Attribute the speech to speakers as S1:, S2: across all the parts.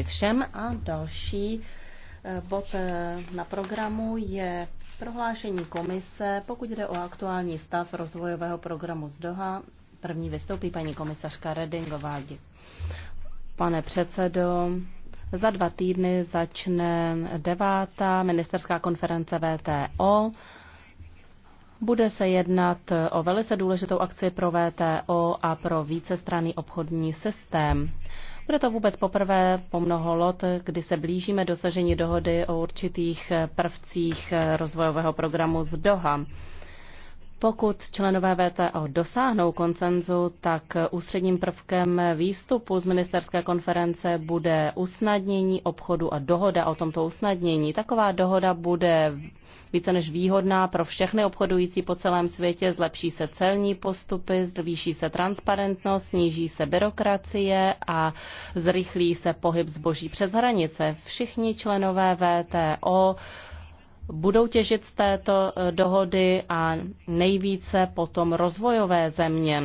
S1: Děkuji všem a další eh, bod eh, na programu je prohlášení komise, pokud jde o aktuální stav rozvojového programu z Doha. První vystoupí paní komisařka Redingová. Pane předsedo, za dva týdny začne devátá ministerská konference VTO. Bude se jednat o velice důležitou akci pro VTO a pro vícestranný obchodní systém. Bude to vůbec poprvé po mnoho let, kdy se blížíme dosažení dohody o určitých prvcích rozvojového programu z Doha. Pokud členové VTO dosáhnou koncenzu, tak ústředním prvkem výstupu z ministerské konference bude usnadnění obchodu a dohoda o tomto usnadnění. Taková dohoda bude více než výhodná pro všechny obchodující po celém světě, zlepší se celní postupy, zvýší se transparentnost, sníží se byrokracie a zrychlí se pohyb zboží přes hranice. Všichni členové VTO budou těžit z této eh, dohody a nejvíce potom rozvojové země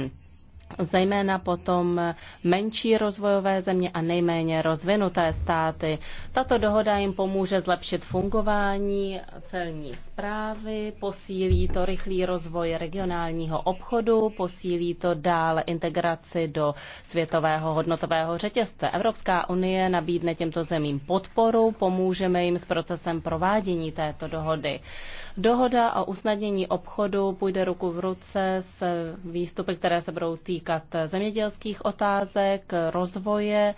S1: zejména potom menší rozvojové země a nejméně rozvinuté státy. Tato dohoda jim pomůže zlepšit fungování celní zprávy, posílí to rychlý rozvoj regionálního obchodu, posílí to dál integraci do světového hodnotového řetězce. Evropská unie nabídne těmto zemím podporu, pomůžeme jim s procesem provádění této dohody. Dohoda o usnadnění obchodu půjde ruku v ruce s výstupy, které se budou týkat zemědělských otázek, rozvoje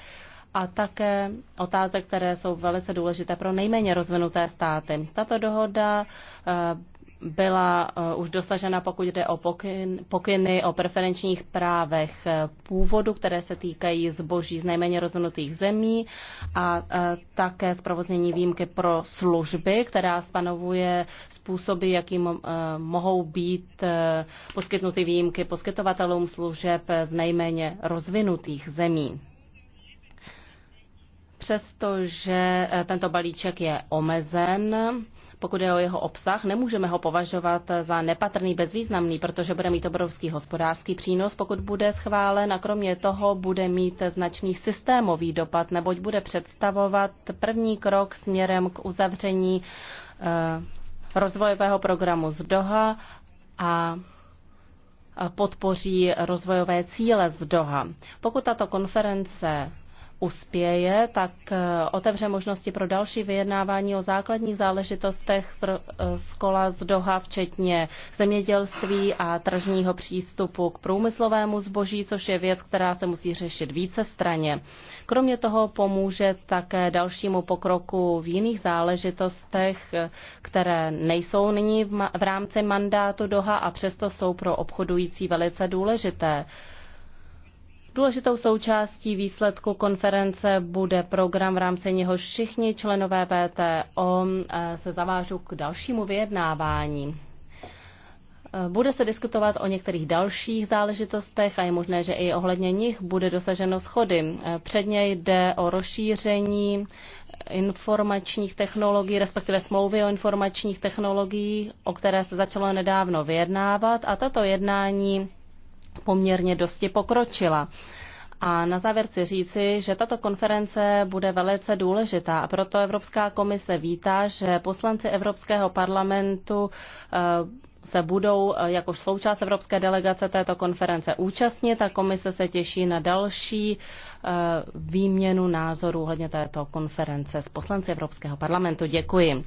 S1: a také otázek, které jsou velice důležité pro nejméně rozvinuté státy. Tato dohoda eh, byla eh, už dosažena, pokud jde o pokyn, pokyny o preferenčních právech eh, původu, které se týkají zboží z nejméně rozvinutých zemí a eh, také zprovoznění výjimky pro služby, která stanovuje způsoby, jakým mohou být poskytnuty výjimky poskytovatelům služeb z nejméně rozvinutých zemí. Přestože eh, tento balíček je omezen, pokud je o jeho obsah, nemůžeme ho považovat eh, za nepatrný bezvýznamný, protože bude mít obrovský hospodářský přínos, pokud bude schválen a kromě toho bude mít značný systémový dopad, neboť bude představovat první krok směrem k uzavření eh, rozvojového programu z Doha a podpoří rozvojové cíle z Doha. Pokud tato konference uspěje, tak eh, otevře možnosti pro další vyjednávání o základních záležitostech eh, z kola z Doha, včetně zemědělství a tržního přístupu k průmyslovému zboží, což je věc, která se musí řešit více straně. Kromě toho pomůže také dalšímu pokroku v jiných záležitostech, eh, které nejsou nyní v rámci mandátu Doha a přesto jsou pro obchodující velice důležité. Důležitou součástí výsledku konference bude program, v rámci něho všichni členové VTO eh, se zavážou k dalšímu vyjednávání. Eh, bude se diskutovat o některých dalších záležitostech a je možné, že i ohledně nich bude dosaženo schody. Eh, předně jde o rozšíření informačních technologií, respektive smlouvy o informačních technologiích, o které se začalo nedávno vyjednávat a tato jednání poměrně dosti pokročila. A na závěr chci říci, že tato konference bude velice důležitá a proto Evropská komise vítá, že poslanci Evropského parlamentu eh, se budou jako součást evropské delegace této konference účastnit a komise se těší na další uh, Eh, výměnu názorů hledně této konference s poslanci Evropského parlamentu. Děkuji.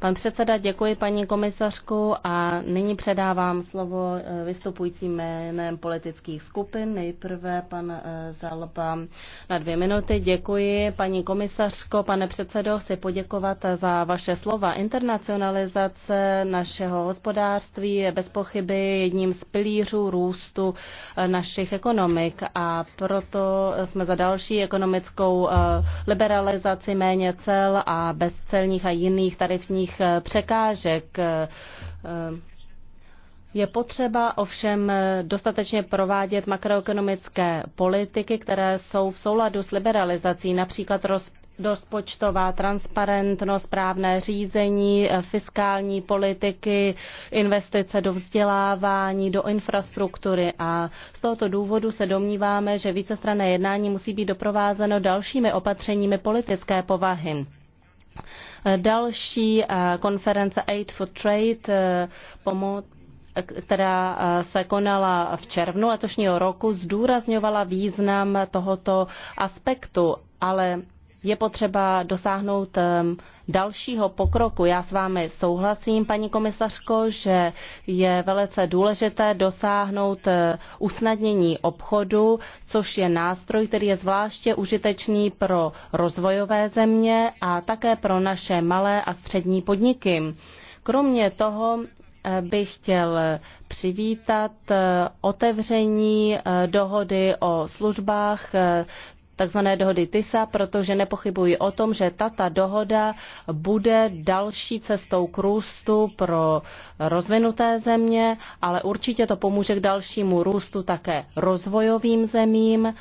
S1: Pan předseda, děkuji paní komisařku a nyní předávám slovo eh, vystupujícím jménem politických skupin. Nejprve pan eh, Zalba na dvě minuty. Děkuji paní komisařko, pane předsedo, chci poděkovat za vaše slova. Internacionalizace našeho hospodářství je bez pochyby jedním z pilířů růstu našich ekonomik a proto jsme za další ekonomickou eh, liberalizaci méně cel a bezcelních a jiných tarifních eh, překážek. Eh, je potřeba ovšem dostatečně provádět makroekonomické politiky, které jsou v souladu s liberalizací, například roz rozpočtová transparentnost, správné řízení, eh, fiskální politiky, investice do vzdělávání, do infrastruktury a z tohoto důvodu se domníváme, že vícestranné jednání musí být doprovázeno dalšími opatřeními politické povahy. Eh, další eh, konference Aid for Trade pomoc která se konala v červnu letošního roku, zdůrazňovala význam tohoto aspektu, ale je potřeba dosáhnout ehm, dalšího pokroku. Já s vámi souhlasím, paní komisařko, že je velice důležité dosáhnout eh, usnadnění obchodu, což je nástroj, který je zvláště užitečný pro rozvojové země a také pro naše malé a střední podniky. Kromě toho eh, bych chtěl přivítat eh, otevření dohody o službách tzv. dohody TISA, protože nepochybuji o tom, že tata dohoda bude další cestou k růstu pro rozvinuté země, ale určitě to pomůže k dalšímu růstu také rozvojovým zemím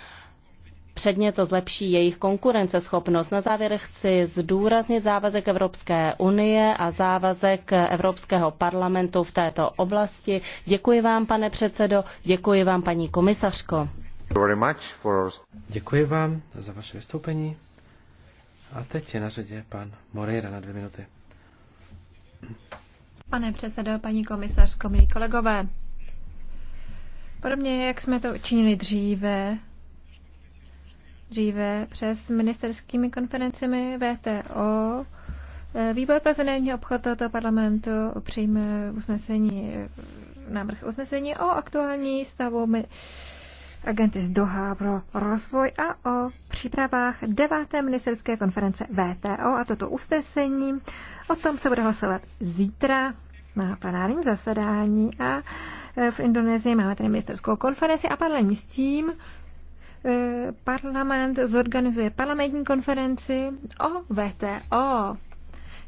S1: předně to zlepší jejich konkurenceschopnost. Na závěr chci zdůraznit závazek Evropské unie a závazek Evropského parlamentu v této oblasti. Děkuji vám, pane předsedo, děkuji vám, paní komisařko.
S2: Děkuji vám za vaše vystoupení. A teď je na řadě pan Moreira na dvě minuty.
S3: Pane předsedo, paní komisařko, milí kolegové, podobně jak jsme to učinili dříve, dříve přes ministerskými konferencemi VTO, eh, Výbor pro zahraniční obchod tohoto parlamentu přijme usnesení, návrh usnesení o aktuální stavu agenty z Doha pro rozvoj a o přípravách deváté ministerské konference VTO a toto usnesení. O tom se bude hlasovat zítra na plenárním zasedání a e, v Indonésii máme tady ministerskou konferenci a paralelně s tím e, parlament zorganizuje parlamentní konferenci o VTO.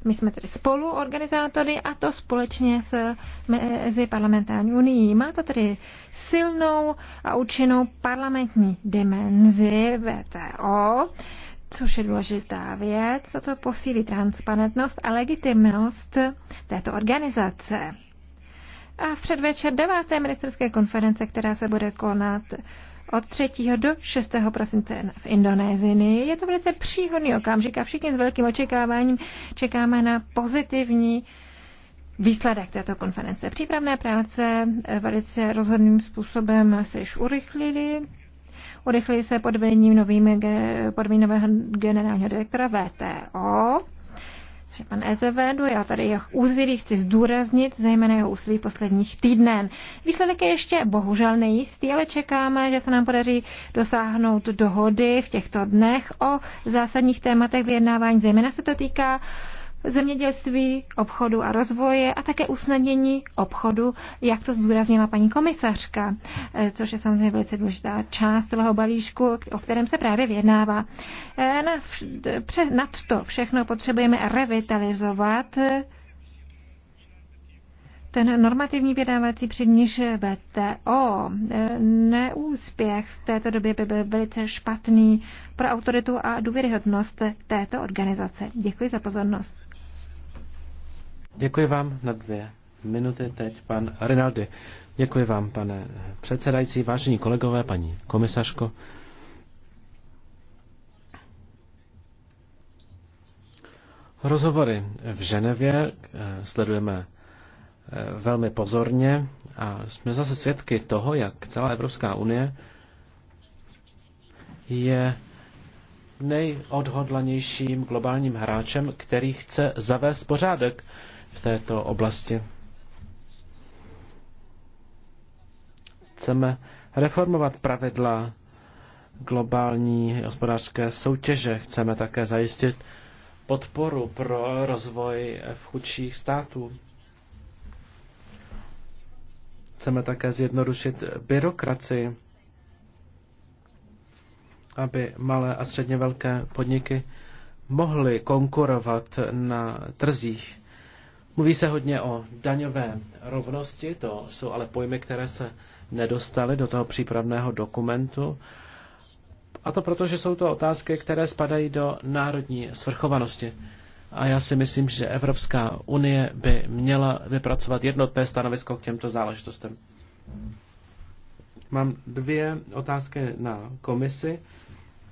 S3: My jsme tedy organizátory a to společně s mezi parlamentární unii. Má to tedy silnou a účinnou parlamentní dimenzi VTO, což je důležitá věc, co to posílí transparentnost a legitimnost této organizace. A v předvečer deváté ministerské konference, která se bude konat od 3. do 6. prosince v Indonésii. Je to velice příhodný okamžik a všichni s velkým očekáváním čekáme na pozitivní Výsledek této konference. Přípravné práce eh, velice rozhodným způsobem se již urychlili. Urychlili se pod vedením novým, pod nového generálního direktora VTO ministře, pan Ezevedu. Já tady jeho úzilí chci zdůraznit, zejména jeho úsilí posledních týdnen. Výsledek je ještě bohužel nejistý, ale čekáme, že se nám podaří dosáhnout dohody v těchto dnech o zásadních tématech vyjednávání. Zejména se to týká uh, zemědělství, obchodu a rozvoje a také usnadnění obchodu, jak to zdůraznila paní komisařka, eh, což je samozřejmě velice důležitá část celého balíčku, o kterém se právě vyjednává. Eh, nad to všechno potřebujeme revitalizovat eh, ten normativní vědávací předníž BTO Neúspěch v této době by byl velice špatný pro autoritu a důvěryhodnost této organizace. Děkuji za pozornost.
S2: Děkuji vám na dvě minuty teď pan Rinaldi. Děkuji vám, pane předsedající, vážení kolegové, paní komisařko. Rozhovory v Ženevě eh, sledujeme eh, velmi pozorně a jsme zase svědky toho, jak celá Evropská unie je nejodhodlanějším globálním hráčem, který chce zavést pořádek v této oblasti. Chceme reformovat pravidla globální hospodářské soutěže. Chceme také zajistit podporu pro rozvoj v chudších států. Chceme také zjednodušit byrokracii, aby malé a středně velké podniky mohly konkurovat na trzích. Mluví se hodně o daňové rovnosti, to jsou ale pojmy, které se nedostaly do toho přípravného dokumentu. A to proto, že jsou to otázky, které spadají do národní svrchovanosti. A já si myslím, že Evropská unie by měla vypracovat jednotné stanovisko k těmto záležitostem. Mám dvě otázky na komisi.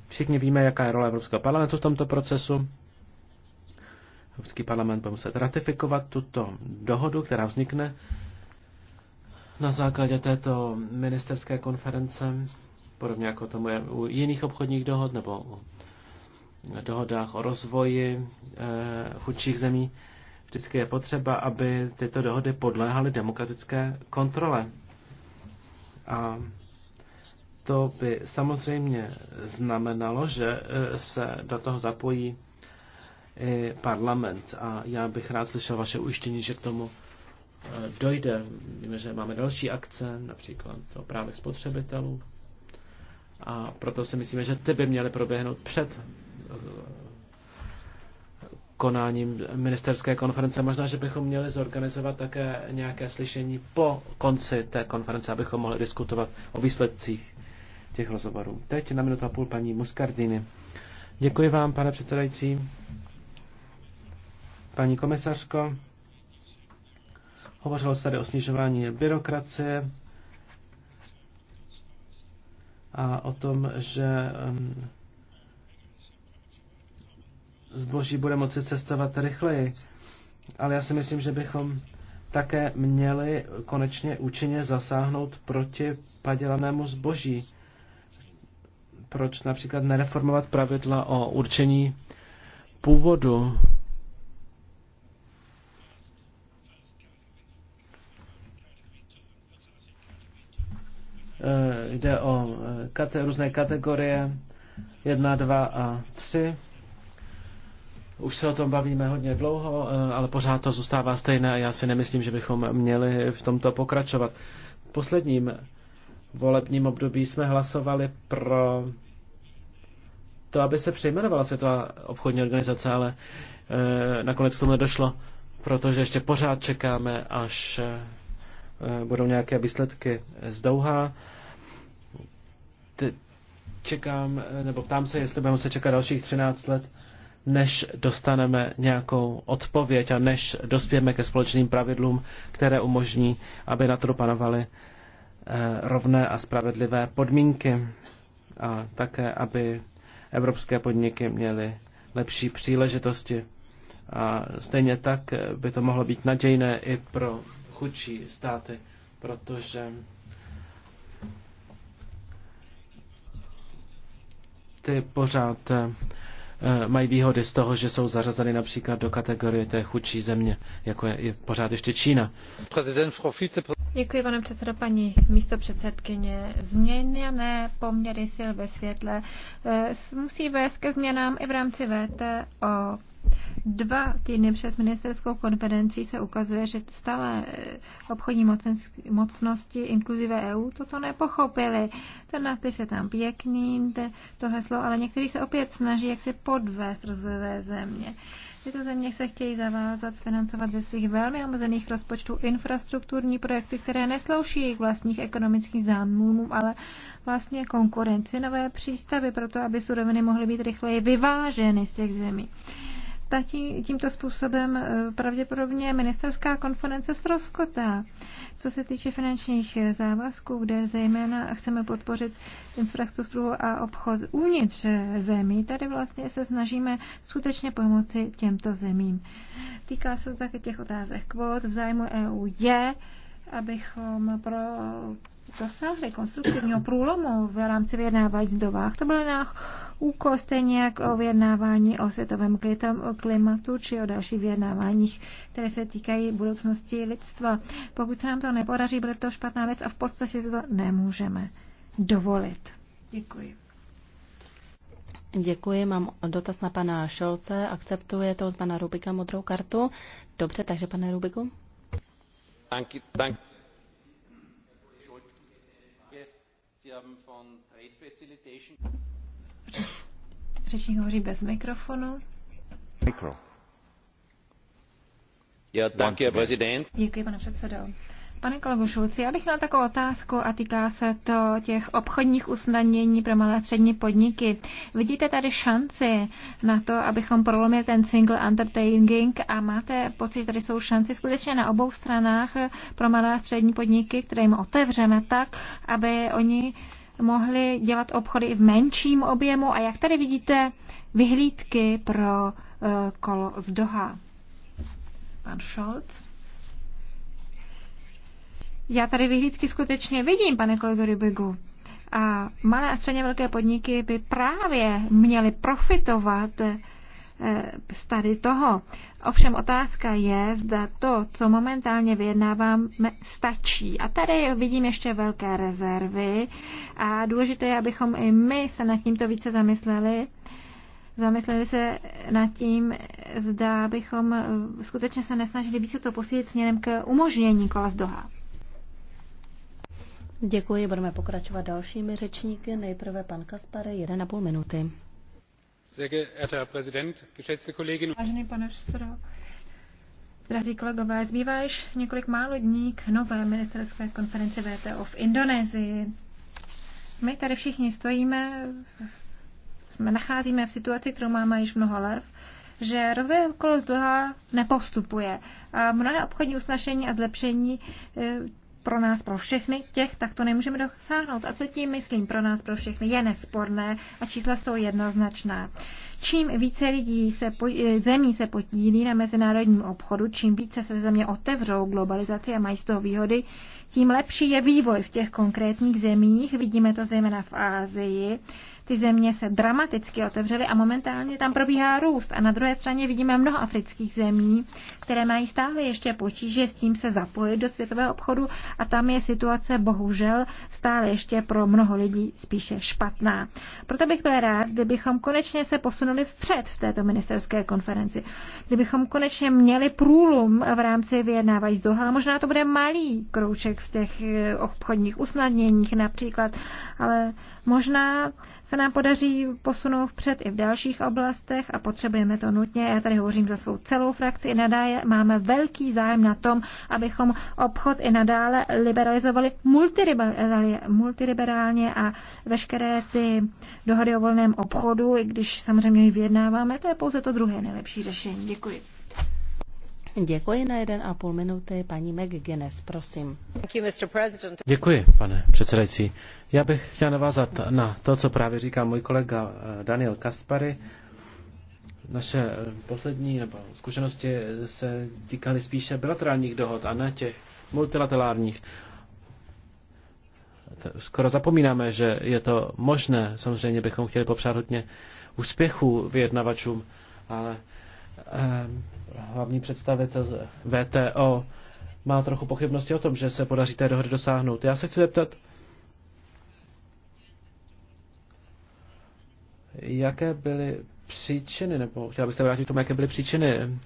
S2: Všichni víme, jaká je role Evropského parlamentu v tomto procesu. Evropský parlament bude muset ratifikovat tuto dohodu, která vznikne na základě této ministerské konference, podobně jako tomu je u jiných obchodních dohod nebo u dohodách o rozvoji e, chudších zemí, vždycky je potřeba, aby tyto dohody podléhaly demokratické kontrole. A to by samozřejmě znamenalo, že eh, se do toho zapojí parlament a já bych rád slyšel vaše ujištění, že k tomu eh, dojde. Víme, že máme další akce, například o právech spotřebitelů a proto si myslíme, že ty by měly proběhnout před eh, konáním ministerské konference. Možná, že bychom měli zorganizovat také nějaké slyšení po konci té konference, abychom mohli diskutovat o výsledcích těch rozhovorů. Teď na minutu a půl paní Muscardini. Děkuji vám, pane předsedající. Paní komisařko, hovořilo se tady o snižování byrokracie a o tom, že zboží bude moci cestovat rychleji. Ale já si myslím, že bychom také měli konečně účinně zasáhnout proti padělanému zboží. Proč například nereformovat pravidla o určení původu Eh, jde o eh, kate- různé kategorie 1, 2 a 3. Už se o tom bavíme hodně dlouho, eh, ale pořád to zůstává stejné a já si nemyslím, že bychom měli v tomto pokračovat. V posledním volebním období jsme hlasovali pro to, aby se přejmenovala Světová obchodní organizace, ale nakonec k tomu nedošlo, protože ještě pořád čekáme, až Eh, budou nějaké výsledky z Douha. Čekám, eh, nebo ptám se, jestli budeme se čekat dalších 13 let, než dostaneme nějakou odpověď a než dospějeme ke společným pravidlům, které umožní, aby na to panovaly eh, rovné a spravedlivé podmínky a také, aby evropské podniky měly lepší příležitosti. A stejně tak by to mohlo být nadějné i pro chudší státy, protože ty pořád eh, mají výhody z toho, že jsou zařazeny například do kategorie té chudší země, jako je, pořád ještě Čína.
S3: Děkuji, pane předsedo, paní místo předsedkyně. Změněné poměry sil ve světle eh, musí vést ke změnám i v rámci VTO dva týdny přes ministerskou konferenci se ukazuje, že stále eh, obchodní mocnosti, inkluzive EU, toto nepochopili. Ten nápis je tam pěkný, to heslo, ale někteří se opět snaží, jak se podvést rozvojové země. Tyto země se chtějí zavázat financovat ze svých velmi omezených rozpočtů infrastrukturní projekty, které neslouší jejich vlastních ekonomických zájmům, ale vlastně konkurenci nové přístavy, pro to, aby suroviny mohly být rychleji vyváženy z těch zemí. Tatí, tímto způsobem eh, pravděpodobně ministerská konference ztroskotá. Co se týče finančních eh, závazků, kde zejména chceme podpořit infrastrukturu a obchod uvnitř eh, zemí, tady vlastně se snažíme skutečně pomoci těmto zemím. Týká se to také těch otázek kvót. V zájmu EU je abychom pro dosah rekonstruktivního průlomu v rámci vyjednávání z Dovách. To byl náš úkol stejně jak o vyjednávání o světovém klimatu či o dalších vyjednáváních, které se týkají budoucnosti lidstva. Pokud se nám to nepodaří, bude to špatná věc a v podstatě se to nemůžeme dovolit. Děkuji.
S1: Děkuji, mám dotaz na pana Šolce. Akceptuje to od pana Rubika modrou kartu? Dobře, takže pane Rubiku.
S3: Řečník hovoří bez mikrofonu.
S1: Mikro. Ja, danke, Herr Präsident.
S3: Děkuji, pane předsedo. Pane kolego Šulci, já bych měla takovou otázku a týká se to těch obchodních usnadnění pro malé a střední podniky. Vidíte tady šanci na to, abychom prolomili ten single undertaking a máte pocit, že tady jsou šanci skutečně na obou stranách pro malé a střední podniky, které jim otevřeme tak, aby oni mohli dělat obchody i v menším objemu a jak tady vidíte vyhlídky pro eh, kolo z Doha. Pan Scholz. Já tady vyhlídky skutečně vidím, pane kolego Rybigu. A malé a středně velké podniky by právě měly profitovat eh, z tady toho. Ovšem otázka je, zda to, co momentálně vyjednáváme, stačí. A tady vidím ještě velké rezervy a důležité je, abychom i my se nad tímto více zamysleli. Zamysleli se nad tím, zda bychom eh, skutečně se nesnažili více to posílit směrem k umožnění kola z Doha. Děkuji, budeme pokračovat dalšími řečníky.
S1: Nejprve pan Kaspare, 1,5 minuty.
S3: Vážený pane předsedo, Drazí kolegové, zbývá již několik málo dní k nové ministerské konferenci VTO v Indonésii. My tady všichni stojíme, jsme nacházíme v situaci, kterou máme již mnoho let, že rozvoj okolo toho nepostupuje. A mnohé obchodní usnašení a zlepšení eh, pro nás, pro všechny, těch tak to nemůžeme dosáhnout. A co tím myslím pro nás, pro všechny, je nesporné a čísla jsou jednoznačná. Čím více lidí se, eh, zemí se podílí na mezinárodním obchodu, čím více se země otevřou globalizaci a mají z toho výhody, tím lepší je vývoj v těch konkrétních zemích. Vidíme to zejména v Ázii. Ty země se dramaticky otevřely a momentálně tam probíhá růst. A na druhé straně vidíme mnoho afrických zemí, které mají stále ještě potíže s tím se zapojit do světového obchodu a tam je situace bohužel stále ještě pro mnoho lidí spíše špatná. Proto bych byl rád, kdybychom konečně se posunuli posunuli vpřed v této ministerské konferenci. Kdybychom konečně měli průlom v rámci vyjednávání z Doha, možná to bude malý krouček v těch eh, obchodních usnadněních například, ale možná se nám podaří posunout vpřed i v dalších oblastech a potřebujeme to nutně. Já tady hovořím za svou celou frakci. I nadále máme velký zájem na tom, abychom obchod i nadále liberalizovali multiliberálně a veškeré ty dohody o volném obchodu, i když samozřejmě ji vyjednáváme, to je pouze to druhé nejlepší řešení. Děkuji.
S1: Děkuji na jeden a půl minuty. Paní McGuinness, prosím.
S3: Děkuji,
S2: pane předsedající. Já bych chtěl navázat na to, co právě říká můj kolega eh, Daniel Kaspary. Naše eh, poslední nebo zkušenosti eh, se týkaly spíše bilaterálních dohod a ne těch multilaterálních. Skoro zapomínáme, že je to možné. Samozřejmě bychom chtěli popřát hodně úspěchů vyjednavačům, ale hlavní představitel VTO má trochu pochybnosti o tom, že se podaří té dohody dosáhnout. Já se chci zeptat, jaké byly příčiny, nebo chtěla bych se vrátit k tomu, jaké byly příčiny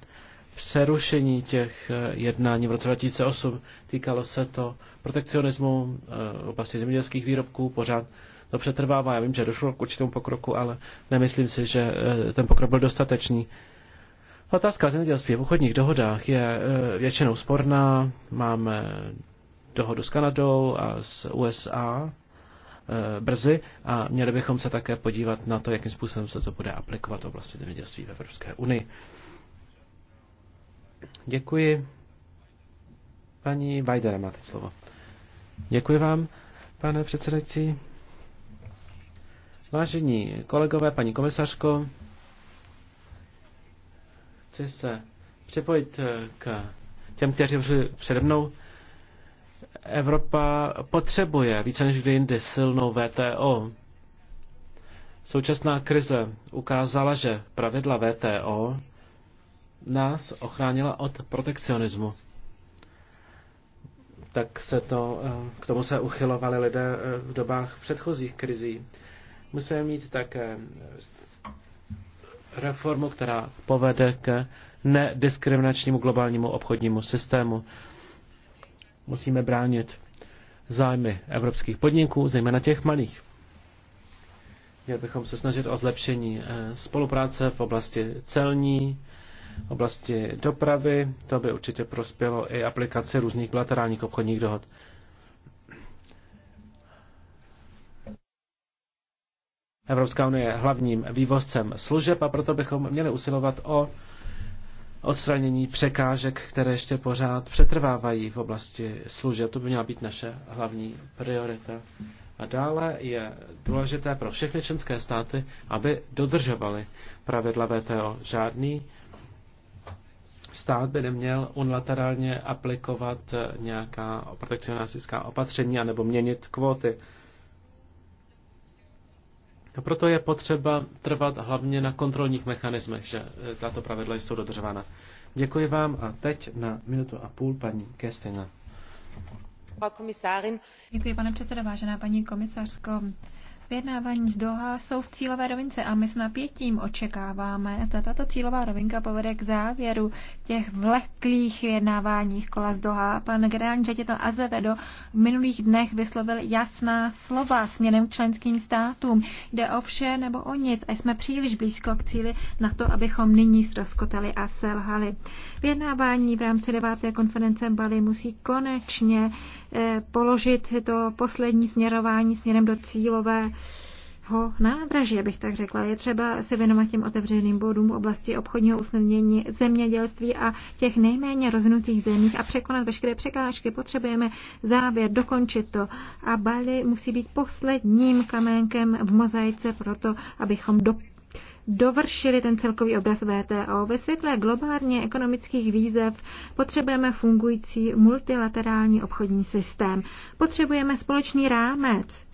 S2: přerušení těch eh, jednání v roce 2008. Týkalo se to protekcionismu eh, oblasti zemědělských výrobků, pořád to přetrvává. Já vím, že došlo k určitému pokroku, ale nemyslím si, že eh, ten pokrok byl dostatečný. Otázka zemědělství v obchodních dohodách je eh, většinou sporná. Máme dohodu s Kanadou a s USA eh, brzy a měli bychom se také podívat na to, jakým způsobem se to bude aplikovat v oblasti zemědělství v Evropské unii. Děkuji. Paní Vajdera, máte slovo. Děkuji vám, pane předsedající. Vážení kolegové, paní komisařko, Chci se připojit eh, k těm, kteří už přede mnou. Evropa potřebuje více než kdy jindy silnou VTO. Současná krize ukázala, že pravidla VTO nás ochránila od protekcionismu. Tak se to, eh, k tomu se uchylovali lidé eh, v dobách předchozích krizí. Musíme mít také reformu, která povede k nediskriminačnímu globálnímu obchodnímu systému. Musíme bránit zájmy evropských podniků, zejména těch malých. Měli bychom se snažit o zlepšení eh, spolupráce v oblasti celní, oblasti dopravy. To by určitě prospělo i aplikaci různých bilaterálních obchodních dohod. Evropská unie je hlavním vývozcem služeb a proto bychom měli usilovat o odstranění překážek, které ještě pořád přetrvávají v oblasti služeb. To by měla být naše hlavní priorita. A dále je důležité pro všechny členské státy, aby dodržovaly pravidla VTO. Žádný stát by neměl unilaterálně aplikovat nějaká protekcionistická opatření anebo měnit kvóty. A proto je potřeba trvat hlavně na kontrolních mechanismech, že eh, tato pravidla jsou dodržována. Děkuji vám a teď na minutu a půl paní Kestina.
S3: Děkuji, pane předsedo, vážená paní komisařko. Vyjednávání z Doha jsou v cílové rovince a my s napětím očekáváme, zda tato cílová rovinka povede k závěru těch vleklých vyjednáváních kola z Doha. Pan generální ředitel Azevedo v minulých dnech vyslovil jasná slova směrem k členským státům. Jde o vše nebo o nic a jsme příliš blízko k cíli na to, abychom nyní ztroskotali a selhali. Vyjednávání v rámci deváté konference Bali musí konečně eh, položit to poslední směrování směrem do cílové ho nádraží, abych tak řekla. Je třeba se věnovat těm otevřeným bodům v oblasti obchodního usnadnění zemědělství a těch nejméně rozvinutých zemích a překonat veškeré překážky. Potřebujeme závěr, dokončit to. A Bali musí být posledním kamenkem v mozaice to, abychom do dovršili ten celkový obraz VTO. Ve světle globálně ekonomických výzev potřebujeme fungující multilaterální obchodní systém. Potřebujeme společný rámec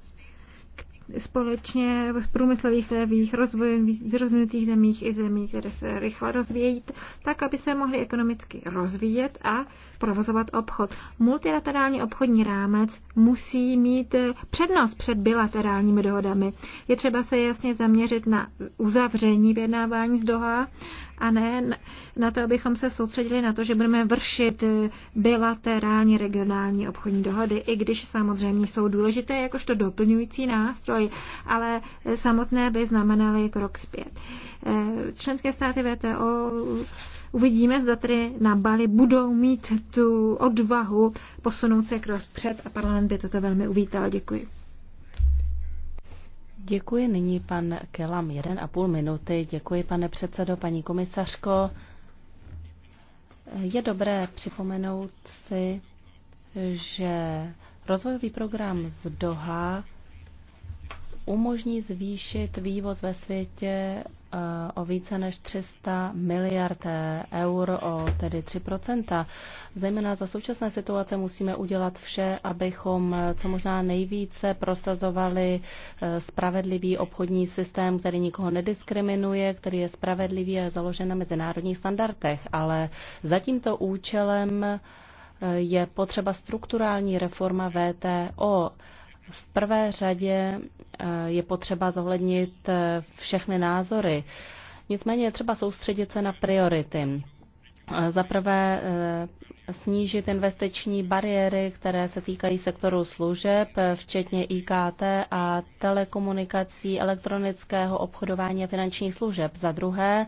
S3: společně v průmyslových levých, rozvojových, rozvinutých zemích i zemích, které se rychle rozvíjí, tak, aby se mohly ekonomicky rozvíjet a provozovat obchod. Multilaterální obchodní rámec musí mít přednost před bilaterálními dohodami. Je třeba se jasně zaměřit na uzavření vyjednávání z Doha a ne na to, abychom se soustředili na to, že budeme vršit bilaterální regionální obchodní dohody, i když samozřejmě jsou důležité jakožto doplňující nástroj, ale samotné by znamenaly krok zpět. Členské státy VTO uvidíme, zda tedy na Bali budou mít tu odvahu posunout se krok před a parlament by toto velmi uvítal. Děkuji.
S1: Děkuji nyní pan Kelam, jeden a půl minuty. Děkuji pane předsedo, paní komisařko. Je dobré připomenout si, že rozvojový program z Doha umožní zvýšit vývoz ve světě Eh, o více než 300 miliard eur, o tedy 3 Zejména za současné situace musíme udělat vše, abychom co možná nejvíce prosazovali eh, spravedlivý obchodní systém, který nikoho nediskriminuje, který je spravedlivý a je založen na mezinárodních standardech. Ale za tímto účelem eh, je potřeba strukturální reforma VTO. V prvé řadě eh, je potřeba zohlednit eh, všechny názory. Nicméně je třeba soustředit se na priority. Eh, za prvé snížit investiční bariéry, které se týkají sektoru služeb, včetně IKT a telekomunikací, elektronického obchodování a finančních služeb. Za druhé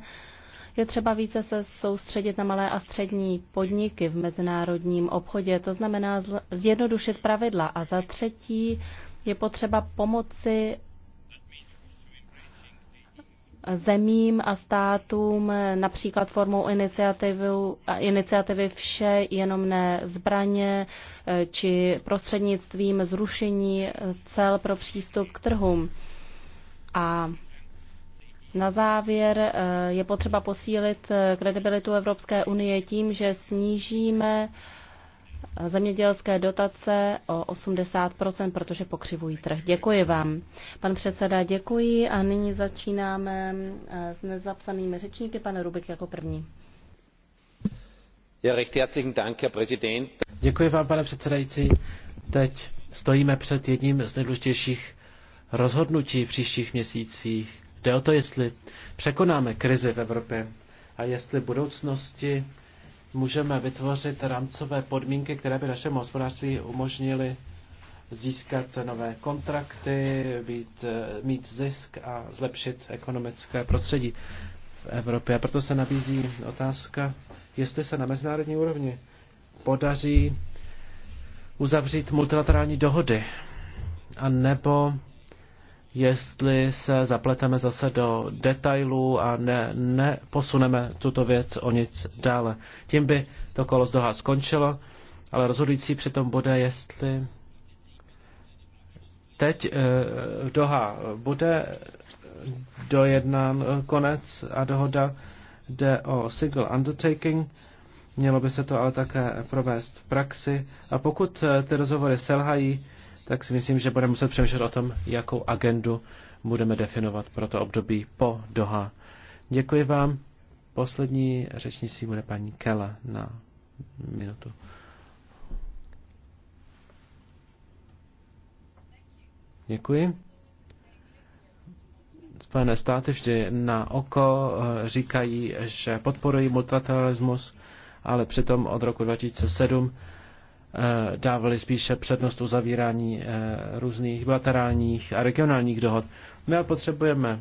S1: je třeba více se soustředit na malé a střední podniky v mezinárodním obchodě, to znamená zjednodušit pravidla. A za třetí je potřeba pomoci zemím a státům, například formou iniciativy vše, jenom ne zbraně, či prostřednictvím zrušení cel pro přístup k trhům. A na závěr eh, je potřeba posílit eh, kredibilitu Evropské unie tím, že snížíme eh, zemědělské dotace o 80 protože pokřivují trh. Děkuji vám. Pan předseda, děkuji a nyní začínáme s nezapsanými řečníky. Pan Rubik jako
S2: první. Děkuji vám, pane předsedající. Teď stojíme před jedním z nejdůležitějších rozhodnutí v příštích měsících Jde o to, jestli překonáme krizi v Evropě a jestli v budoucnosti můžeme vytvořit rámcové podmínky, které by našemu hospodářství umožnily získat nové kontrakty, být, mít zisk a zlepšit ekonomické prostředí v Evropě. A proto se nabízí otázka, jestli se na mezinárodní úrovni podaří uzavřít multilaterální dohody, a nebo jestli se zapleteme zase do detailů a ne, posuneme tuto věc o nic dále. Tím by to kolo z Doha skončilo, ale rozhodující přitom bude, jestli teď e, Doha bude dojednán eh, konec a dohoda jde o single undertaking, mělo by se to ale také provést v praxi a pokud eh, ty rozhovory selhají, tak si myslím, že budeme muset přemýšlet o tom, jakou agendu budeme definovat pro to období po Doha. Děkuji vám. Poslední řečnicí bude paní Kela na minutu. Děkuji. Spojené státy vždy na oko eh, říkají, že podporují multilateralismus, ale přitom od roku 2007 Eh, dávali spíše přednost uzavírání eh, různých bilaterálních a regionálních dohod. My potřebujeme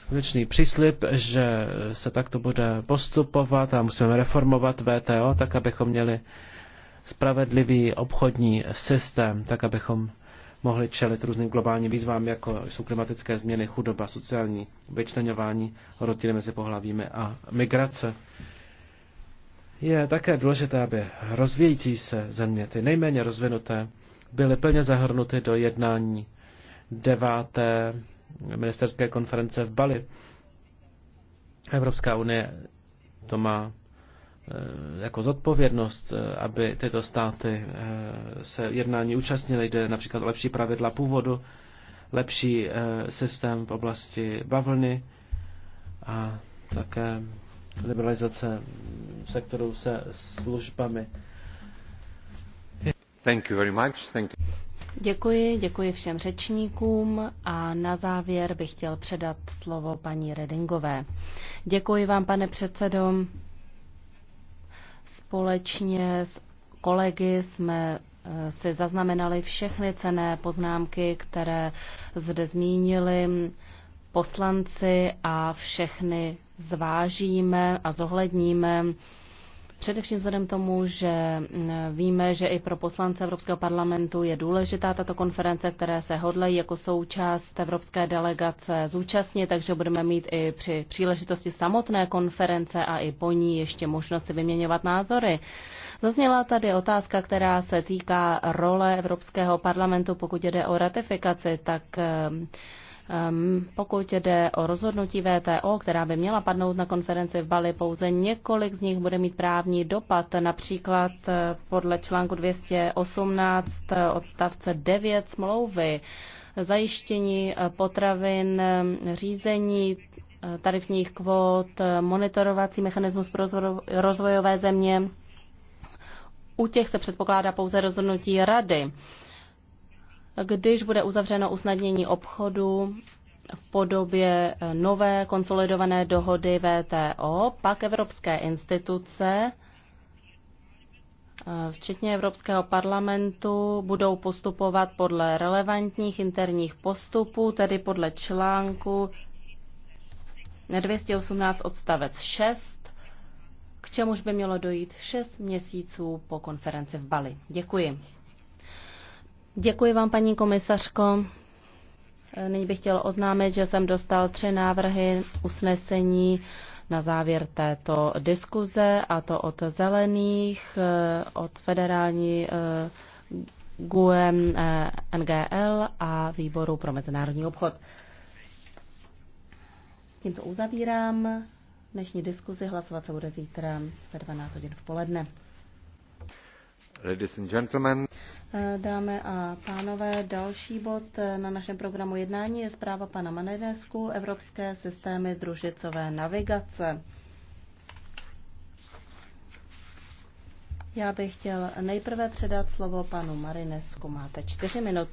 S2: skutečný příslip, že se takto bude postupovat a musíme reformovat VTO, tak abychom měli spravedlivý obchodní systém, tak abychom mohli čelit různým globálním výzvám, jako jsou klimatické změny, chudoba, sociální vyčleňování, rozdíly mezi pohlavími a migrace. Je také důležité, aby rozvíjící se země, ty nejméně rozvinuté, byly plně zahrnuty do jednání deváté ministerské konference v Bali. Evropská unie to má eh, jako zodpovědnost, eh, aby tyto státy eh, se jednání účastnily, jde například o lepší pravidla původu, lepší systém v oblasti bavlny a také liberalizace sektoru se službami. Thank you very much. Thank you.
S1: Děkuji, děkuji všem řečníkům a na závěr bych chtěl předat slovo paní Redingové. Děkuji vám, pane předsedo. Společně s kolegy jsme eh, si zaznamenali všechny cené poznámky, které zde zmínili poslanci a všechny zvážíme a zohledníme. Především vzhledem tomu, že mm, víme, že i pro poslance Evropského parlamentu je důležitá tato konference, které se hodlají jako součást evropské delegace zúčastnit, takže budeme mít i při příležitosti samotné konference a i po ní ještě možnost si vyměňovat názory. Zazněla tady otázka, která se týká role Evropského parlamentu, pokud jde o ratifikaci, tak mm, Ehm, pokud jde o rozhodnutí VTO, která by měla padnout na konferenci v Bali, pouze několik z nich bude mít právní dopad, například eh, podle článku 218 eh, odstavce 9 smlouvy zajištění eh, potravin, ehm, řízení tarifních kvót, monitorovací mechanismus pro rozvojové země. U těch se předpokládá pouze rozhodnutí rady když bude uzavřeno usnadnění obchodu v podobě eh, nové konsolidované dohody VTO, pak evropské instituce, eh, včetně Evropského parlamentu, budou postupovat podle relevantních interních postupů, tedy podle článku 218 odstavec 6, k čemuž by mělo dojít 6 měsíců po konferenci v Bali. Děkuji. Děkuji vám, paní komisařko. Nyní bych chtěl oznámit, že jsem dostal tři návrhy usnesení na závěr této diskuze, a to od zelených, eh, od federální eh, GUEM eh, NGL a výboru pro mezinárodní obchod. Tímto uzavírám dnešní diskuzi. Hlasovat se bude zítra ve 12 hodin v poledne. Eh, dámy a pánové, další bod eh, na našem programu jednání je zpráva pana Manedesku Evropské systémy družicové navigace. Já bych chtěl nejprve předat slovo panu Marinesku. Máte čtyři minuty.